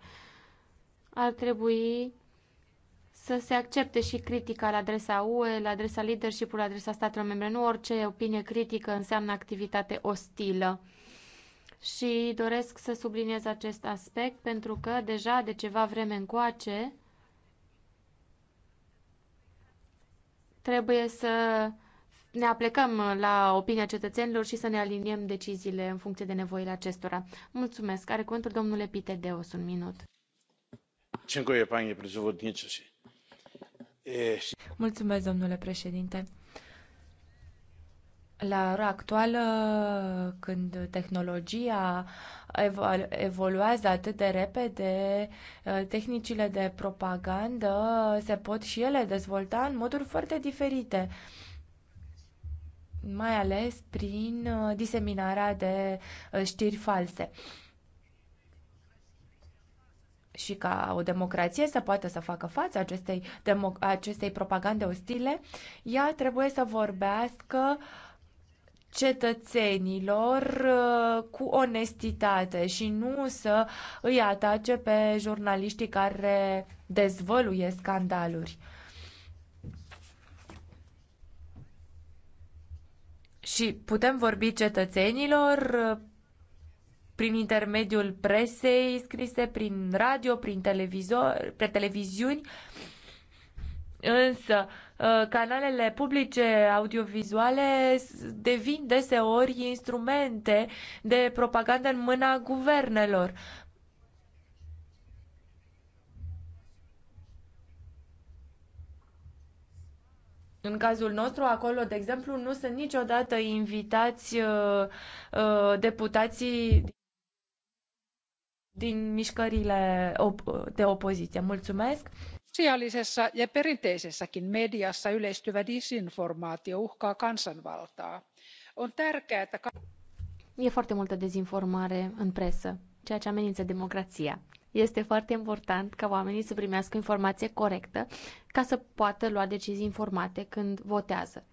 Speaker 1: ar trebui să se accepte și critica la adresa UE, la adresa leadership la adresa statelor membre. Nu orice opinie critică înseamnă activitate ostilă. Și doresc să subliniez acest aspect pentru că deja de ceva vreme încoace trebuie să ne aplecăm la opinia cetățenilor și să ne aliniem deciziile în funcție de nevoile acestora. Mulțumesc. Are cuvântul domnule Pite Deos, un minut.
Speaker 2: Mulțumesc, domnule președinte. La ora actuală, când tehnologia evoluează atât de repede, tehnicile de propagandă se pot și ele dezvolta în moduri foarte diferite mai ales prin uh, diseminarea de uh, știri false. Și ca o democrație să poată să facă față acestei, acestei propagande ostile, ea trebuie să vorbească cetățenilor uh, cu onestitate și nu să îi atace pe jurnaliștii care dezvăluie scandaluri. și putem vorbi cetățenilor uh, prin intermediul presei scrise, prin radio, prin, televizor, prin televiziuni, însă uh, canalele publice audiovizuale devin deseori instrumente de propagandă în mâna guvernelor. În cazul nostru, acolo, de exemplu, nu sunt niciodată invitați uh, uh, deputații din mișcările op- de opoziție. Mulțumesc!
Speaker 4: Sosiaalisessa ja perinteisessäkin mediassa yleistyvä disinformaatio uhkaa kansanvaltaa. On tärkeää, että... E foarte multă dezinformare
Speaker 1: în presă, ceea ce amenință democrația este foarte important ca oamenii să primească informație corectă ca să poată lua decizii informate când votează.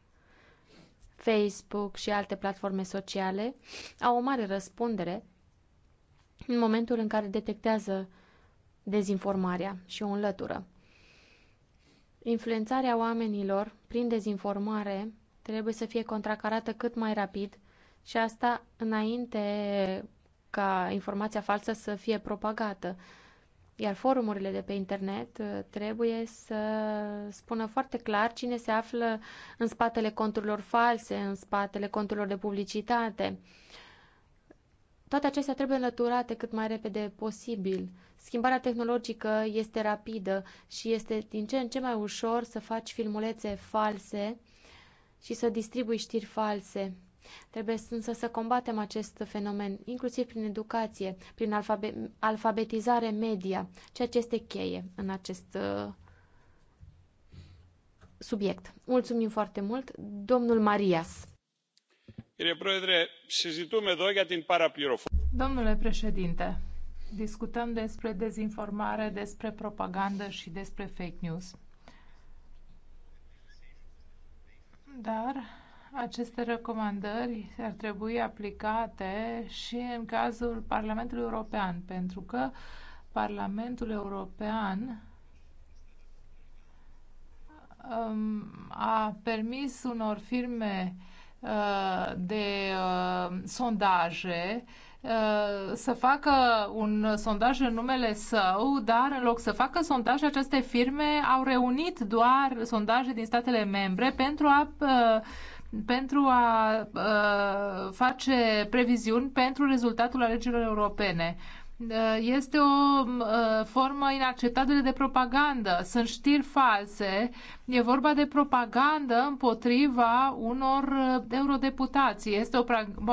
Speaker 1: Facebook și alte platforme sociale au o mare răspundere în momentul în care detectează dezinformarea și o înlătură. Influențarea oamenilor prin dezinformare trebuie să fie contracarată cât mai rapid și asta înainte ca informația falsă să fie propagată. Iar forumurile de pe internet uh, trebuie să spună foarte clar cine se află în spatele conturilor false, în spatele conturilor de publicitate. Toate acestea trebuie înlăturate cât mai repede posibil. Schimbarea tehnologică este rapidă și este din ce în ce mai ușor să faci filmulețe false și să distribui știri false. Trebuie însă să combatem acest fenomen, inclusiv prin educație, prin alfabe alfabetizare media, ceea ce este cheie în acest uh, subiect. Mulțumim foarte mult,
Speaker 4: domnul Marias. Domnule președinte, discutăm despre dezinformare, despre propagandă și despre fake news. Dar aceste recomandări ar trebui aplicate și în cazul Parlamentului European, pentru că Parlamentul European um, a permis unor firme uh, de uh, sondaje uh, să facă un sondaj în numele său, dar în loc să facă sondaje, aceste firme au reunit doar sondaje din statele membre pentru a pentru a uh, face previziuni pentru rezultatul alegerilor europene. Eh, este o eh, formă inacceptabilă de propagandă. Sunt știri false. E vorba de propagandă împotriva unor eh, eurodeputații. Este o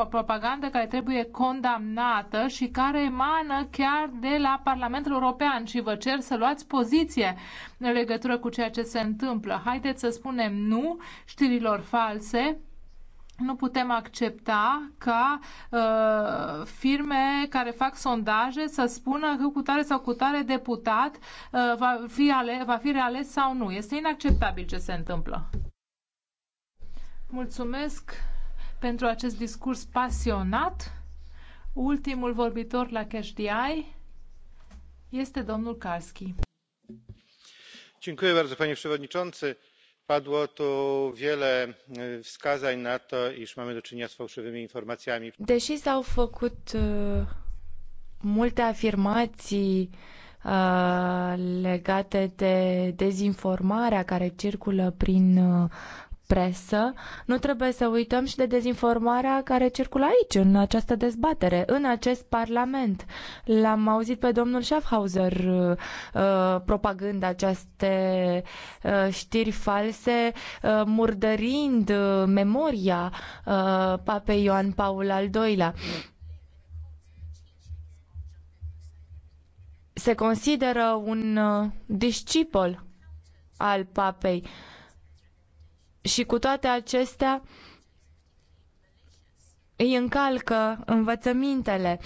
Speaker 4: propagandă care trebuie condamnată și care emană chiar de la Parlamentul European și vă cer să luați poziție în legătură cu ceea ce se întâmplă. Haideți să spunem nu știrilor false nu putem accepta ca uh, firme care fac sondaje să spună că cu tare sau cu tare deputat uh, va, fi ale, va fi reales sau nu. Este inacceptabil ce se întâmplă. Mulțumesc pentru acest discurs pasionat. Ultimul vorbitor la CashDI este domnul Karski.
Speaker 3: Dziękuję bardzo, panie przewodniczący padło tu wiele wskazań na to iż mamy do czynienia z fałszywymi informacjami.
Speaker 2: deși s au făcut multe afirmații legate de dezinformarea care circulă prin presă, nu trebuie să uităm și de dezinformarea care circulă aici, în această dezbatere, în acest Parlament. L-am auzit pe domnul Schaffhauser uh, propagând aceste uh, știri false, uh, murdărind uh, memoria uh, papei Ioan Paul al II-lea. Se consideră un uh, discipol al papei. Uh, și cu toate acestea, îi încalcă învățămintele.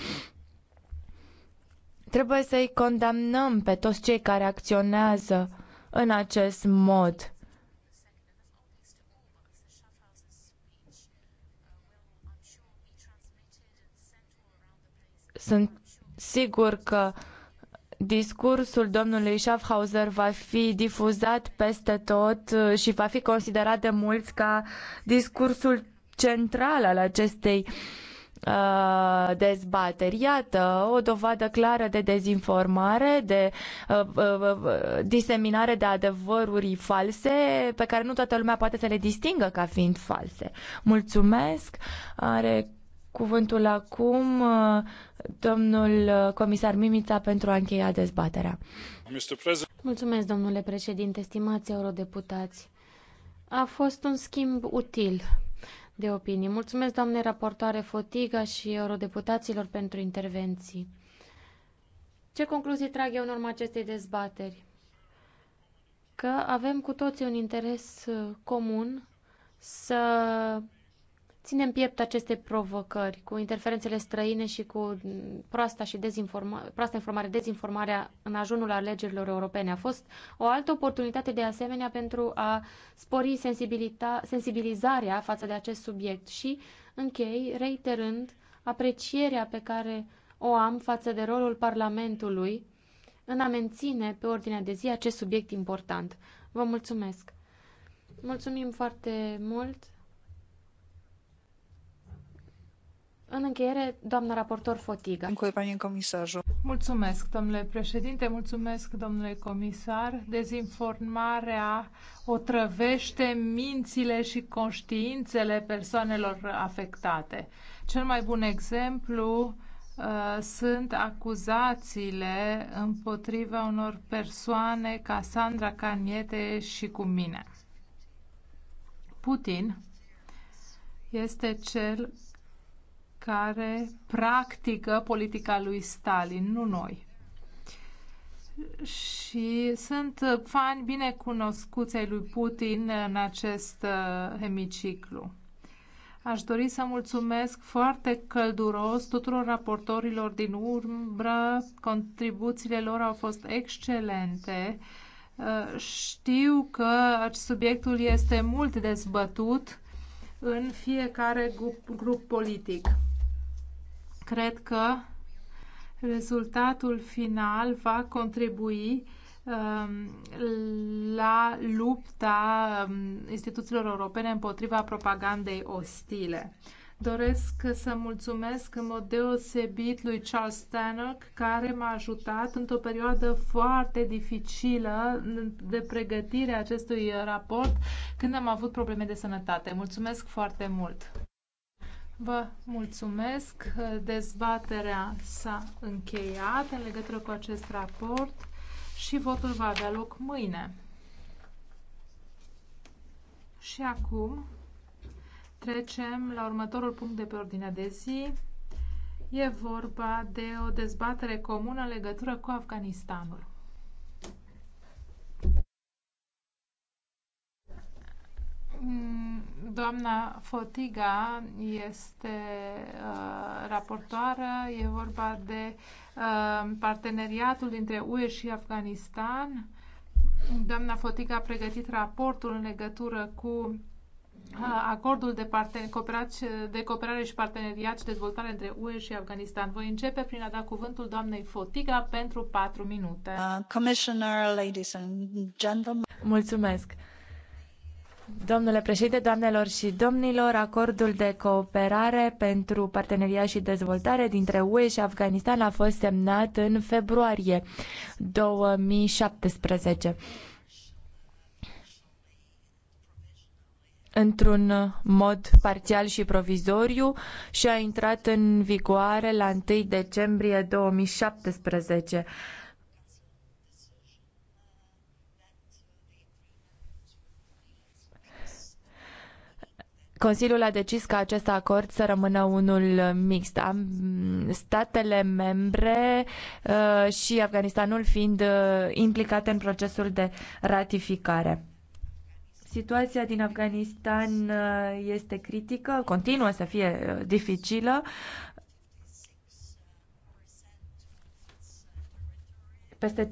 Speaker 2: Trebuie să-i condamnăm pe toți cei care acționează în acest mod. Sunt sigur că discursul domnului Schaffhauser va fi difuzat peste tot uh, și va fi considerat de mulți ca discursul central al acestei uh, dezbateri. Iată o dovadă clară de dezinformare, de uh, uh, uh, diseminare de adevăruri false pe care nu toată lumea poate să le distingă ca fiind false. Mulțumesc. Are cuvântul acum uh, domnul uh, comisar Mimița pentru a încheia dezbaterea.
Speaker 1: Mulțumesc, domnule președinte, stimați eurodeputați. A fost un schimb util de opinii. Mulțumesc, doamne raportoare Fotiga și eurodeputaților pentru intervenții. Ce concluzii trag eu în urma acestei dezbateri? Că avem cu toții un interes uh, comun să ținem piept aceste provocări cu interferențele străine și cu proasta, și dezinforma- proasta informare, dezinformarea în ajunul alegerilor europene. A fost o altă oportunitate de asemenea pentru a spori sensibilizarea față de acest subiect și închei reiterând aprecierea pe care o am față de rolul Parlamentului în a menține pe ordinea de zi acest subiect important. Vă mulțumesc! Mulțumim foarte mult!
Speaker 4: În încheiere, doamna raportor Fotiga. Mulțumesc, domnule președinte, mulțumesc, domnule comisar. Dezinformarea otrăvește mințile și conștiințele persoanelor afectate. Cel mai bun exemplu uh, sunt acuzațiile împotriva unor persoane ca Sandra Caniete și cu mine. Putin este cel care practică politica lui Stalin, nu noi. Și sunt fani cunoscuți ai lui Putin în acest uh, hemiciclu. Aș dori să mulțumesc foarte călduros tuturor raportorilor din urmă. Contribuțiile lor au fost excelente. Uh, știu că subiectul este mult dezbătut în fiecare grup, grup politic. Cred că rezultatul final va contribui um, la lupta um, instituțiilor europene împotriva propagandei ostile. Doresc să mulțumesc în mod deosebit lui Charles Stanock, care m-a ajutat într-o perioadă foarte dificilă de pregătire a acestui raport, când am avut probleme de sănătate. Mulțumesc foarte mult! Vă mulțumesc. Dezbaterea s-a încheiat în legătură cu acest raport și votul va avea loc mâine. Și acum trecem la următorul punct de pe ordinea de zi. E vorba de o dezbatere comună în legătură cu Afganistanul. Mm, doamna Fotiga este uh, raportoară. E vorba de uh, parteneriatul dintre UE și Afganistan. Doamna Fotiga a pregătit raportul în legătură cu uh, acordul de, de cooperare și parteneriat și dezvoltare între UE și Afganistan. Voi începe prin a da cuvântul doamnei Fotiga pentru patru
Speaker 2: minute. Uh, Mulțumesc. Domnule președinte, doamnelor și domnilor, acordul de cooperare pentru parteneriat și dezvoltare dintre UE și Afganistan a fost semnat în februarie 2017. într-un mod parțial și provizoriu și a intrat în vigoare la 1 decembrie 2017. Consiliul a decis ca acest acord să rămână unul mixt. Statele membre uh, și Afganistanul fiind uh, implicate în procesul de ratificare. Situația din Afganistan uh, este critică, continuă să fie dificilă. Peste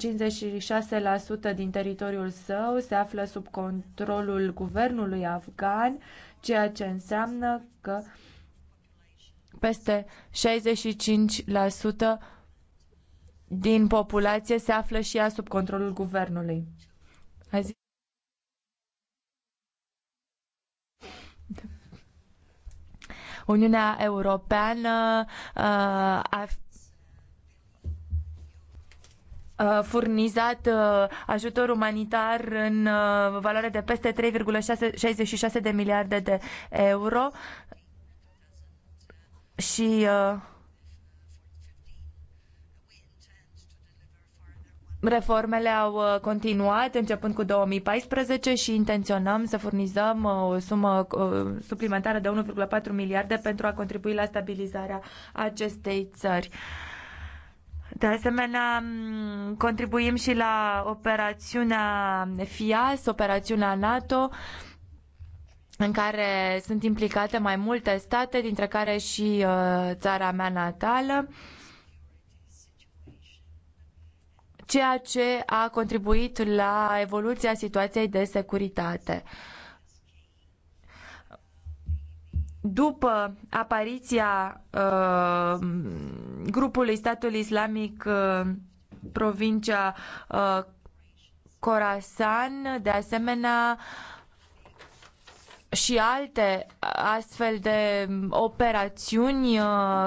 Speaker 2: 56% din teritoriul său se află sub controlul guvernului afgan. Uh, ceea ce înseamnă că peste 65% din populație se află și ea sub controlul guvernului. Azi... Uniunea Europeană uh, a Uh, furnizat uh, ajutor umanitar în uh, valoare de peste 3,66 de miliarde de euro și Reformele au continuat începând cu 2014 și intenționăm să furnizăm o sumă suplimentară de 1,4 miliarde pentru a contribui la stabilizarea acestei țări. De asemenea, contribuim și la operațiunea FIAS, operațiunea NATO, în care sunt implicate mai multe state, dintre care și uh, țara mea natală, ceea ce a contribuit la evoluția situației de securitate. după apariția uh, grupului statului islamic uh, provincia uh, Khorasan, de asemenea și alte astfel de operațiuni uh,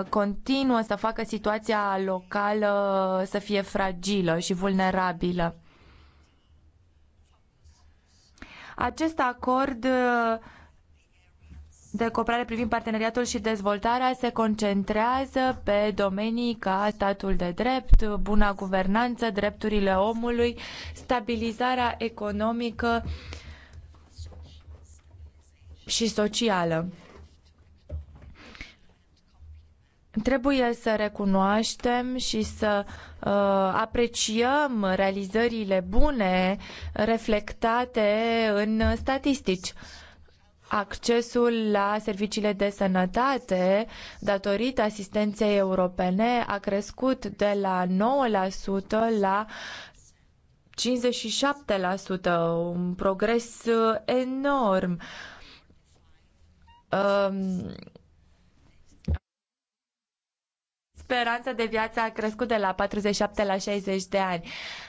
Speaker 2: continuă să facă situația locală să fie fragilă și vulnerabilă. Acest acord uh, de cooperare privind parteneriatul și dezvoltarea se concentrează pe domenii ca statul de drept, buna guvernanță, drepturile omului, stabilizarea economică și socială. Trebuie să recunoaștem și să uh, apreciem realizările bune reflectate în statistici. Uh, accesul la serviciile de sănătate datorită asistenței europene a crescut de la 9% la 57%, un progres enorm speranța de viață a crescut de la 47 la 60 de ani.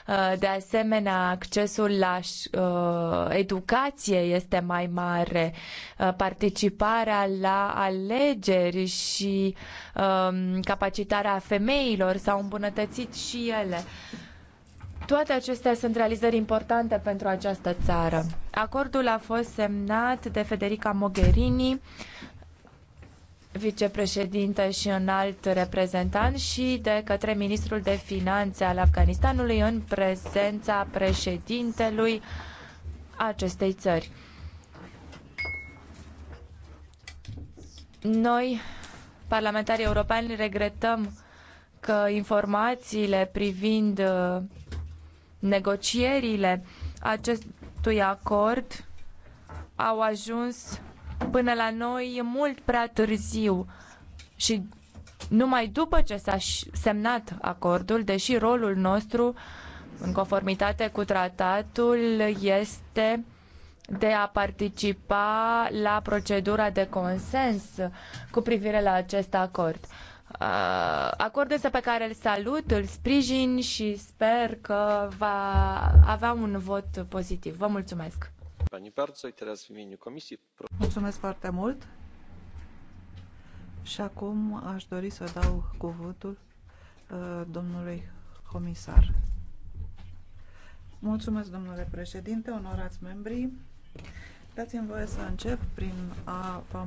Speaker 2: Uh, de asemenea, accesul la uh, educație este mai mare, uh, participarea la alegeri și um, capacitarea femeilor s-au îmbunătățit și ele. Toate acestea sunt realizări importante pentru această țară. Acordul a fost semnat de Federica Mogherini vicepreședinte și înalt reprezentant și de către ministrul de finanțe al Afganistanului în prezența președintelui acestei țări. Noi, parlamentarii europeni, regretăm că informațiile privind uh, negocierile acestui acord au ajuns până la noi e mult prea târziu și numai după ce s-a semnat acordul, deși rolul nostru, în conformitate cu tratatul, este de a participa la procedura de consens cu privire la acest acord. Acordul este pe care îl salut, îl sprijin și sper că va avea un vot pozitiv. Vă mulțumesc! Mulțumesc foarte mult.
Speaker 4: Și acum aș dori să dau cuvântul uh, domnului comisar. Mulțumesc, domnule președinte, onorați membri. Dați-mi voie să încep prin a